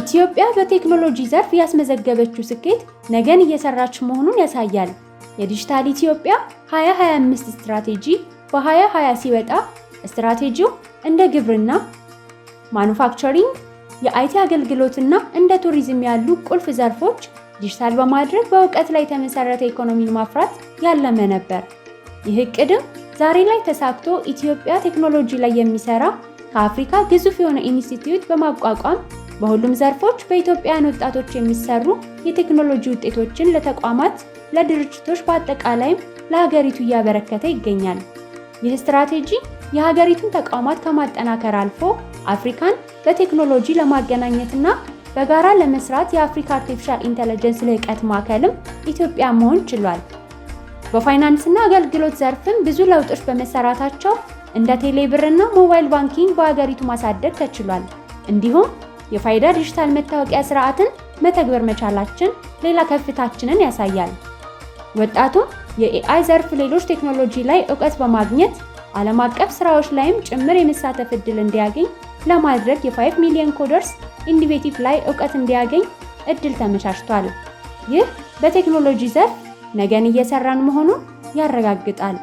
ኢትዮጵያ በቴክኖሎጂ ዘርፍ ያስመዘገበችው ስኬት ነገን እየሰራች መሆኑን ያሳያል። የዲጂታል ኢትዮጵያ 2025 ስትራቴጂ በ2020 ሲወጣ ስትራቴጂው እንደ ግብርና፣ ማኑፋክቸሪንግ፣ የአይቲ አገልግሎትና እንደ ቱሪዝም ያሉ ቁልፍ ዘርፎች ዲጂታል በማድረግ በእውቀት ላይ የተመሰረተ ኢኮኖሚን ማፍራት ያለመ ነበር። ይህ እቅድም ዛሬ ላይ ተሳክቶ ኢትዮጵያ ቴክኖሎጂ ላይ የሚሰራ ከአፍሪካ ግዙፍ የሆነ ኢንስቲትዩት በማቋቋም በሁሉም ዘርፎች በኢትዮጵያውያን ወጣቶች የሚሰሩ የቴክኖሎጂ ውጤቶችን ለተቋማት፣ ለድርጅቶች በአጠቃላይም ለሀገሪቱ እያበረከተ ይገኛል። ይህ ስትራቴጂ የሀገሪቱን ተቋማት ከማጠናከር አልፎ አፍሪካን በቴክኖሎጂ ለማገናኘትና በጋራ ለመስራት የአፍሪካ አርቲፊሻል ኢንተለጀንስ ልዕቀት ማዕከልም ኢትዮጵያ መሆን ችሏል። በፋይናንስና አገልግሎት ዘርፍም ብዙ ለውጦች በመሰራታቸው እንደ ቴሌብርና ሞባይል ባንኪንግ በሀገሪቱ ማሳደግ ተችሏል። እንዲሁም የፋይዳ ዲጂታል መታወቂያ ስርዓትን መተግበር መቻላችን ሌላ ከፍታችንን ያሳያል። ወጣቱ የኤአይ ዘርፍ ሌሎች ቴክኖሎጂ ላይ እውቀት በማግኘት ዓለም አቀፍ ስራዎች ላይም ጭምር የመሳተፍ እድል እንዲያገኝ ለማድረግ የ5 ሚሊዮን ኮደርስ ኢንዲቬቲቭ ላይ እውቀት እንዲያገኝ እድል ተመቻችቷል። ይህ በቴክኖሎጂ ዘርፍ ነገን እየሰራን መሆኑን ያረጋግጣል።